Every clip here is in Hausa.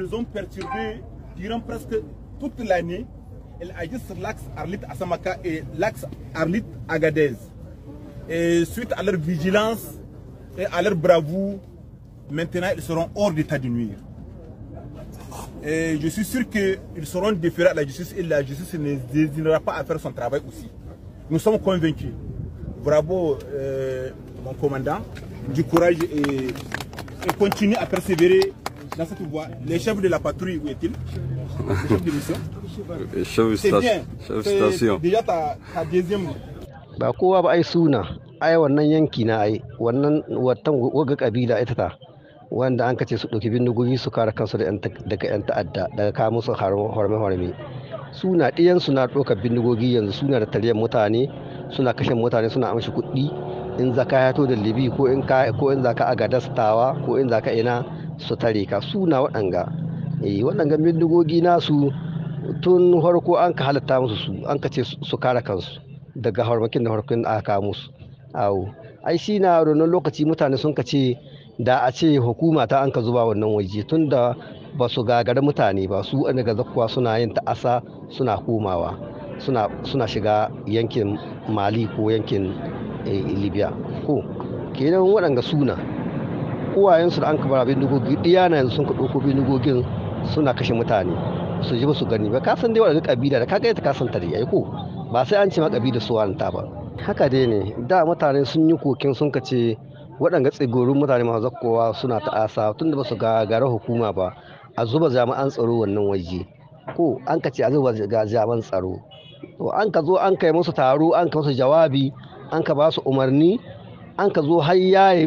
Ils ont perturbé durant presque toute l'année. Elle agit sur l'axe Arlit-Assamaka et l'axe Arlit-Agadez. Et suite à leur vigilance et à leur bravoure, maintenant ils seront hors d'état de nuire. Et je suis sûr qu'ils seront déférés à la justice et la justice ne désignera pas à faire son travail aussi. Nous sommes convaincus. Bravo, euh, mon commandant, du courage et, et continue à persévérer dans cette voie. Les chefs de la patrouille, où est-il Les chefs de mission euh, Chef, de station. Déjà ta, ta deuxième. Ba kowa ba ai suna, ai wannan yanki na ai, wannan watan waga kabila ita ta. wanda an kace su ɗauki bindigogi su kare kansu daga 'yan ta'adda daga kawo musu harme-harme suna ɗiyan suna ɗauka bindigogi yanzu suna da tariyar mutane suna kashe mutane suna amshi kuɗi in zaka ya to da libi ko in ka ko in zaka a gadastawa ko in zaka ina su tare ka na waɗanga eh waɗanga bindigogi nasu tun farko an ka halatta musu su an ka ce su kare kansu daga harmakin da harkokin aka musu awo ai shi na ronon lokaci mutane sun ka ce da a ce hukuma ta an ka zuba wannan waje tun da ba su gagari mutane ba su daga zakkuwa suna yin ta'asa suna komawa suna shiga yankin mali ko yankin Eh, libya ko kenan waɗanga suna uwayensu da an abin dugogi ɗiya na yanzu sun kaɗo kofin dugogin suna kashe mutane su ji su gani ba ka san dai waɗanda ƙabila da ka gani ta ka san ta ko ba sai an ce ma ƙabila su wanta ba haka dai ne da mutane sun yi kokin sun ka ce waɗanga tsigorin mutane masu zakkowa suna ta'asa tun da ba su gagara hukuma ba a zuba jami'an tsaro wannan waje ko an ka ce a zuba jami'an tsaro to an ka zo an kai musu taro an ka musu jawabi an ka ba su umarni an ka zo har yaye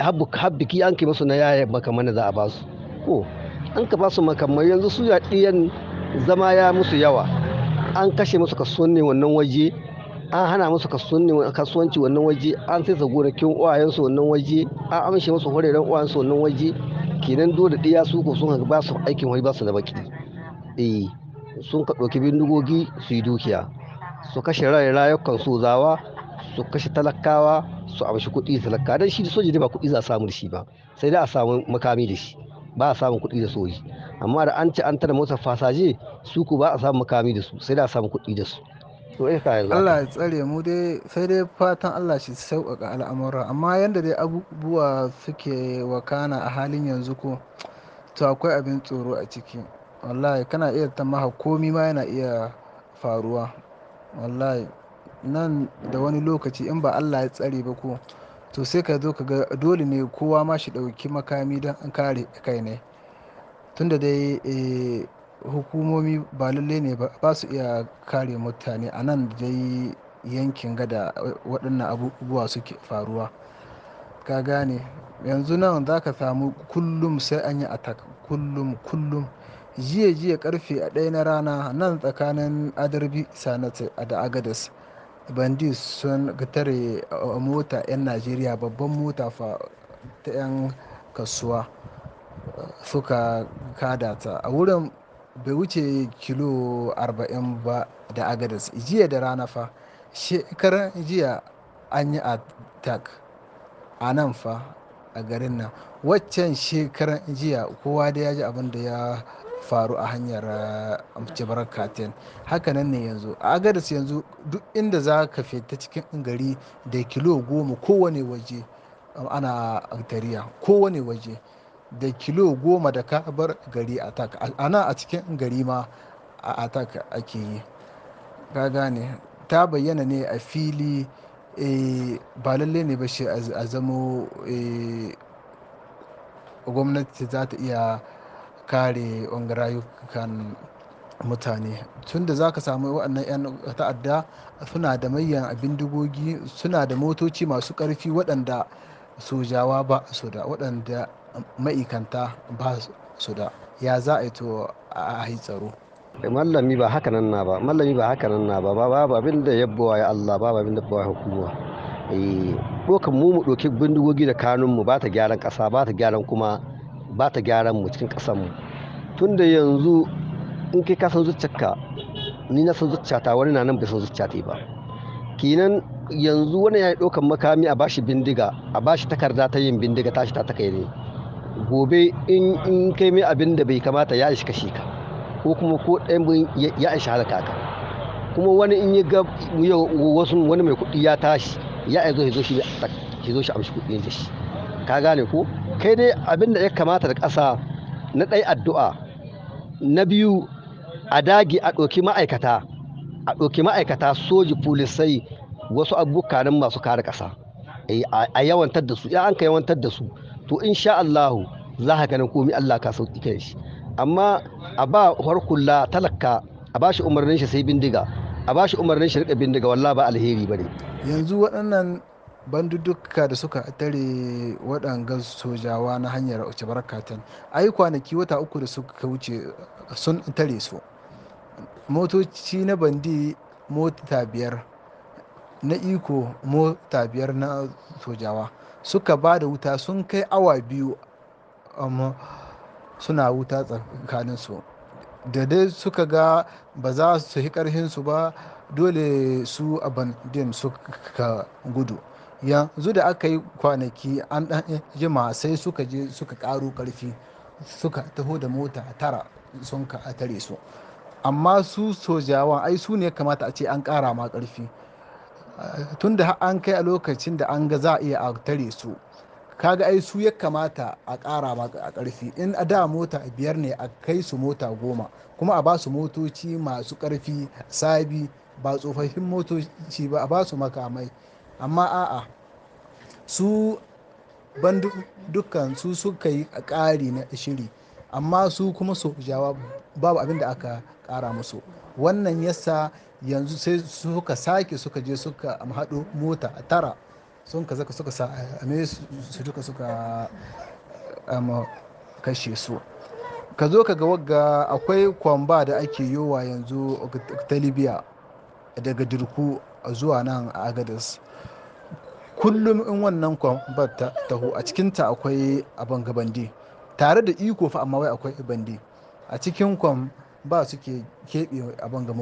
har biki an ka musu na yaye makamai da za a ba su ko an ka ba su makamai yanzu su yaɗiyan zama ya musu yawa an kashe musu kasuwanci ne wannan waje an hana musu kasuwanci wannan waje an sai gonakin uwayensu wannan waje an amshe musu horeren uwayensu wannan waje kenan dole ɗaya su ko sun ba su aikin wani ba su da baki eh sun ka ɗauki bindigogi su yi dukiya su kashe rayukan sozawa su kashe talakawa su amshi kuɗi talaka don shi da soji ba kuɗi za a samu da shi ba sai dai a samu makami da shi ba a samun kuɗi da soji amma da an ci an tara motar fasaje su ku ba a samu makami da su sai da a samu kuɗi da su eh Allah ya tsare mu dai sai dai fatan Allah shi sauƙaƙa al'amura amma yadda dai abubuwa suke wakana a halin yanzu ko to akwai abin tsoro a ciki wallahi kana iya tamaha komi ma yana iya faruwa wallahi nan da wani lokaci in ba allah ya tsare ba ko to sai ka zo ka ga dole ne kowa ma shi ɗauki makami don an kare kai ne tunda dai eh, hukumomi ba lalle ne ba su iya kare mutane a nan dai yankin gada waɗannan abubuwa suke faruwa ka gane yanzu nan za ka samu kullum sai an yi attack kullum kullum jiya jiya karfe a ɗaya na rana nan tsakanin adarbi sanat da agadas bandi sun tare uh, mota 'yan najeriya babban mota fa ta 'yan kasuwa uh, suka kada ta a wurin bai wuce kilo 40 ba da agadas jiya da rana fa shekaran jiya an yi attack a nan fa a garin nan waccan shekaran jiya kowa da ya ji abin da ya faru a hanyar eh, jabarar katin hakanan ne yanzu a agadis yanzu duk inda za ka fita cikin gari da kilo goma kowane waje eh, ana antariya kowane waje da kilo goma da ka bar gari a tak ana a cikin gari ma a tak ake yi ka gane ta bayyana ne a fili eh, ba lalle ne ba shi a zamo gwamnati za ta iya kare rayukan mutane da za ka samu waɗannan 'yan ta'adda suna da manyan bindigogi suna da motoci masu ƙarfi waɗanda sojawa ba su da waɗanda ma'ikanta ba su da ya za a yi to a tsaro eh, mallami ba haka nan na ba mallami ba haka nan na ba ba abin da yabbawa ya Allah ba abin da yabbawa hukuma eh kan mu mu doki bindigogi da kanun mu ba ta gyaran kasa ba ta gyaran kuma ba ta gyaran mu cikin ƙasar mu tunda yanzu in kai ka san zuciyarka ni na san zuciyata wani na nan bai san zuciyata ba kinan yanzu wani ya yi ɗaukan makami a bashi bindiga a bashi takarda ta yin bindiga tashi ta takai ne gobe in in kai mai abin da bai kamata ya ishi kashi ka ko kuma ko ɗayan ya ishi halaka ka kuma wani in ya ga wasu wani mai kuɗi ya tashi ya aizo ya zo shi amshi kuɗi da shi ka gane ko kai dai abin da ya kamata da ƙasa na ɗai addu'a na biyu a dagi a ɗauki ma'aikata a ɗauki ma'aikata soji polisai wasu abubuwa nan masu kare ƙasa eh, a yawantar da su ya an ka yawantar da su to sha Allahu za ka ganin komi Allah ka sauki kai shi amma a ba harkulla talaka a ba shi umarnin shi sai bindiga a ba shi umarnin shi rika bindiga wallah ba alheri ba ne. yanzu waɗannan bandudduka da suka tare waɗanga sojawa na hanyar cibar ai kwanaki wata uku da suka wuce uh, sun tare su motoci na bandi mota biyar na iko mota biyar na sojawa suka ba da wuta sun kai awa biyu amma um, suna wuta tsakaninsu da dai suka ga ba za su yi ƙarhinsu ba dole su a bandin suka gudu yanzu da aka yi kwanaki an ɗan jima sai suka je suka ƙaro ƙarfi suka taho da mota tara sun ka tare su amma su sojawan ai su ne kamata a ce an ƙara ma ƙarfi tun da an kai a lokacin da an ga za a iya a tare su kaga ai su ya kamata a ƙara ma a ƙarfi in a da mota biyar ne a kai su mota goma kuma a ba su motoci masu ƙarfi sabi ba tsofaffin motoci ba a ba su makamai amma a'a su dukkan su suka yi ƙari na shiri amma su kuma sojawa babu abin da aka ƙara musu wannan yasa yanzu sai suka sake suka je suka haɗo mota a tara sun ka zaka suka same su duka suka kashe su ka zo ka ga wagga akwai kwamba da ake yowa yanzu ta libya daga dirku zuwa nan a agadas kullum in wannan kwamfar ta taho a cikinta akwai abin gabandi tare da iko fa amma wai akwai bandi a cikin kwam ba suke keɓe abin ga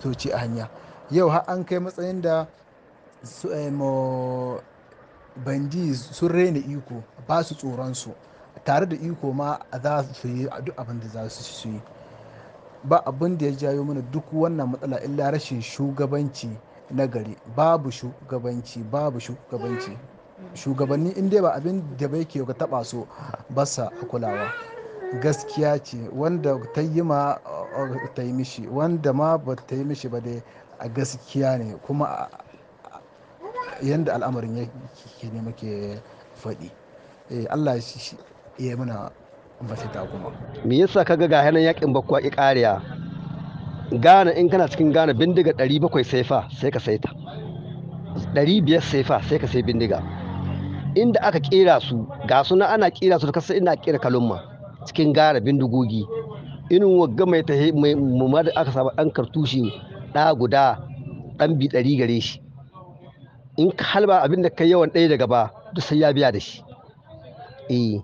toci a hanya yau har an kai matsayin da su eh, bandi sun raina iko ba su tsoronsu tare da iko ma za su yi duk abin da za su yi ba abin da ya jayo mana duk wannan matsala illa rashin shugabanci nagari babu shugabanci babu shugabanci shugabanni in dai ba abin da bai ke ka taba so ba sa kulawa gaskiya ce wanda ta yi ma eh, ta yi mishi wanda ma ba ta yi mishi ba dai a gaskiya ne kuma yadda al'amarin yake ne muke faɗi eh, allah shi iya muna mafita kuma me yasa kaga ga hannun yakin bakwa ƙariya Gana, in kana cikin gana bindiga 700 sai fa sai ka sai ta 500 sai fa sai ka sai bindiga inda aka kera su ga suna ana kera su kasa ina kera kalumma cikin Ghana bindigogi inin wagga mai ta mai mumar da aka saba dan kartushi da guda dan bi 100 gare shi in ka halba abinda ka kai yawan ɗaya daga ba duk sai ya biya da shi eh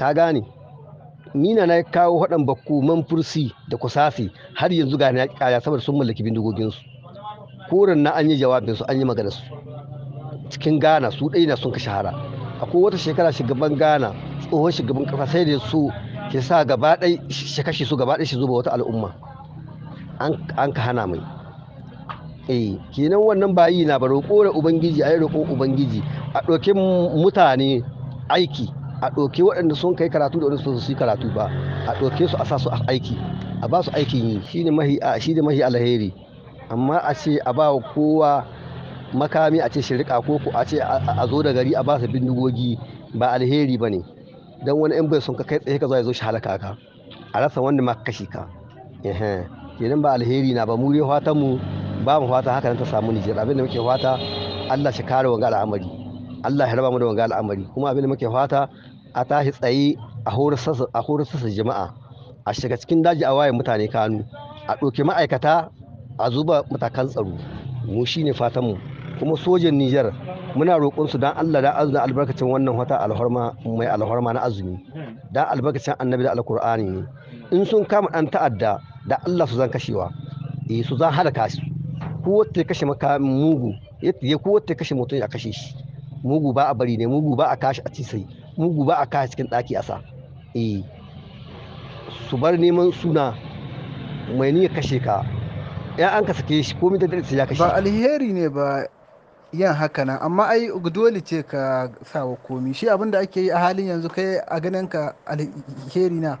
ka gane mina na kawo haɗan bakku fursi da kusafi har yanzu ga na kaya saboda sun mallaki bindigoginsu koren na an yi su an yi maganarsu cikin ghana su ɗai na sun ka shahara akwai wata shekara shugaban ghana tsohon shugaban kafa, sai da su ke sa gaba ɗai shi kashe su gaba ɗai shi zuba wata al'umma an ka hana mai eh kenan wannan bayi na ba roƙo da ubangiji a yi roƙon ubangiji a ɗauki mutane aiki a ɗauke waɗanda sun kai karatu da wani su su yi karatu ba a ɗauke su a sa su aiki a ba su aikin yi shine mahi shine mahi alheri amma a ce a ba kowa makami a ce shirika ko ko a ce a zo da gari a ba su bindigogi ba alheri ba ne don wani in bai sun ka kai tsaye ka zo ya zo shi halaka ka a rasa wanda ma kashi ka kenan ba alheri na ba mure dai fatan mu ba mu fata haka ta samu Nijar abinda muke fata Allah shi kare wanga al'amari Allah ya raba mu da wanga al'amari kuma abin da muke fata a tashi tsaye a horar sassa jama'a a shiga cikin daji a waye mutane kanu a ɗauki ma'aikata a zuba matakan tsaro mu shine fatan mu kuma sojan Nijar muna roƙon su dan Allah da azumi albarkacin wannan wata alhorma mai alhorma na azumi dan albarkacin annabi da alkur'ani ne in sun kama dan ta'adda da Allah su zan kashewa eh su zan halaka su ko wata kashe maka mugu yadda ko wata kashe mutum ya kashe shi mugu ba a bari ne mugu ba a kashi a cisai mugu ba a kashi cikin ɗaki a sa eh su bar neman suna mai ya kashe ka ya an ka sake shi ko mita dare ya kashe ba alheri ne ba yin haka nan amma ai dole ce ka sawa komi shi abin da ake yi a halin yanzu kai a ganin ka alheri na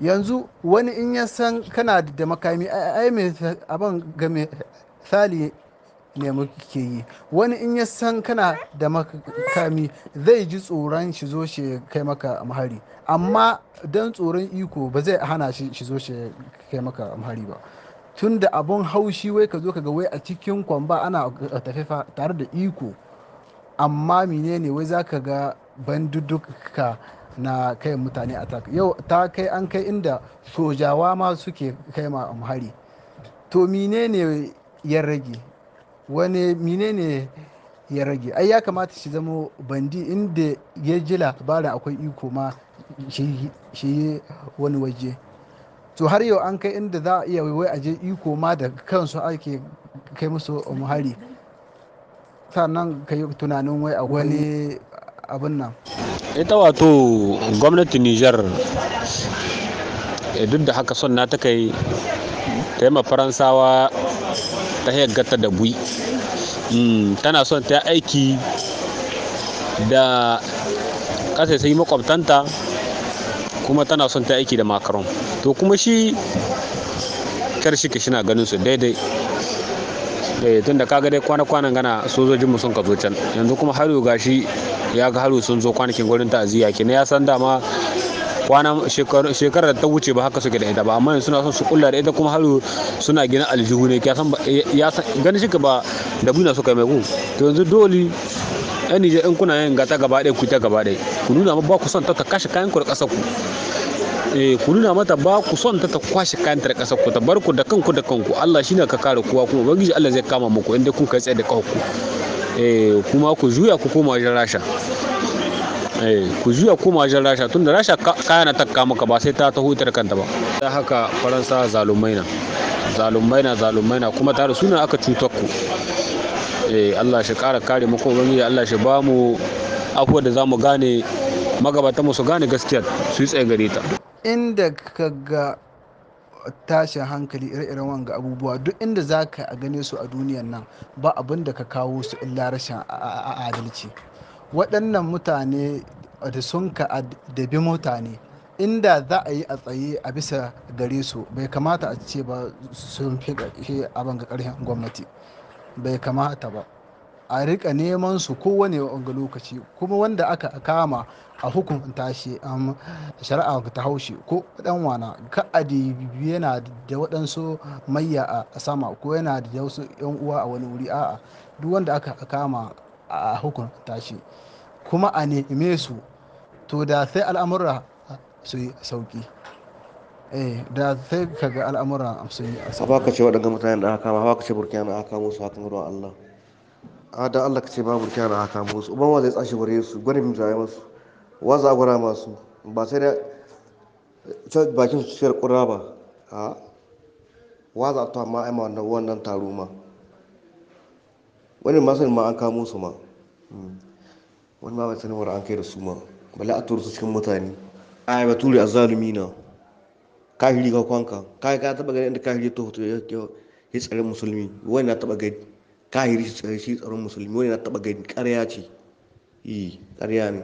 yanzu wani in ya san kana da makami ai mai abin ga misali ne muke yi wani in ya san kana da makami zai ji tsoron shi zo shi kai maka mahari amma don tsoron iko ba zai hana shi shi zo shi kai maka mahari ba tun da abun haushi wai ka zo ka ga wai a cikin kwamba ana tafe tare da iko amma mine ne wai za ka ga banduduka na kai mutane a yau ta kai an kai inda sojawa ma suke kai ma mahari to mine ne ya rage wani menene ya rage ai ya kamata shi zama bandi inda ya ji labarin akwai iko ma shi yi wani waje to har yau an kai inda za a iya wai aje iko ma da kansu ake kai musu muhari um, sannan ka yi tunanin wai a wani abin nan ita wato gwamnati niger eh, duk da haka son na ta kai ta yi faransawa ta hayyar da bui Hmm, tana son ta aiki da sai makwabtanta kuma tana son ta aiki da makaron to kuma shi kar shi na ganin su daidai eh tun da kaga dai kwana-kwanan gana sojojinmu sun ka zo can yanzu kuma haru gashi ya ga haru sun zo kwanakin gurin ke kenan ya san dama kwana shekarar da ta wuce ba haka suke da ita ba amma suna son su kulla da ita kuma haru suna gina aljihu ne ya san ganin shi ka ba da buna suka yi mai gun to yanzu dole yan nijar in kuna yin gata gaba ɗaya ku ta gaba ɗaya ku nuna ma ba ku son ta ta kashe kayan ku da ƙasar ku eh ku nuna mata ba ku son ta ta kwashe kayan ta ƙasar ku ta bar ku da kanku da kanku Allah shine ka kare kowa kuma ubangiji Allah zai kama muku inda kun kai tsaye da kanku eh kuma ku juya ku koma wajen rasha eh, ku juya koma wajen rasha tunda rasha kaya na kama maka ba sai ta taho ita da kanta ba da haka faransa zalumai na zalumai na zalumai na kuma tare suna aka cutar ku Eh, Allah shi kara kare mu kuma ubangiji Allah shi ba mu afuwa da za mu gane magabata mu su gane gaskiya su yi tsaye gare ta inda ka ga tashin hankali ire-iren wanga abubuwa duk inda za ka a gane su a duniyan nan ba abin da ka kawo su illa rashin adalci waɗannan mutane da sun ka adabi mutane inda za a yi a tsaye a bisa gare su bai kamata a ce ba sun fi abin ga ƙarshen gwamnati bai kamata ba a rika neman su kowane wani lokaci kuma wanda aka kama a hukunta shi um, shari'a ta haushe ko dan wana ka yana da waɗansu mayya a sama ko yana da wasu yan uwa a wani wuri a'a duk wanda aka kama a hukunta shi kuma a neme su to da sai al'amura su yi sauki eh da sai ka ga al'amura sun yi asali ba ka ce waɗanda mutane da haka ma ba ka ce burkina aka musu hakan ruwan allah a da allah ka ce ba burkina aka musu uban wa zai tsashi bare su gwanin mu zai masu waza za a gwada masu ba sai da eh, bakin su ciyar kura ba a wa za a ta ma aima wannan taro ma wani ma sanin ma an kamo su ma hmm. wani ma bai sanin wani an kai da su ma bala a turu su cikin mutane a ba ture a zalumi na kahiri ga kwanka kai ka taba ganin inda kahiri to hoto ya tsare musulmi wani na taba gani kahiri shi tsare shi tsaron musulmi wani na taba gani ƙarya ce yi ƙarya ne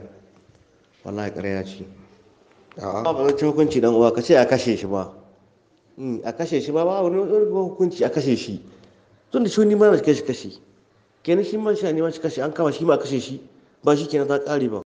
wallahi ƙarya ce a ba zai ci hukunci dan uwa ka ce a kashe shi ba hmm, a kashe shi ba ba wani hukunci a kashe shi tun da shi wani ma shi kashe kashe kenan shi ma shi ne ma shi kashe an kama shi ma kashe shi ba shi kenan ta ƙare ba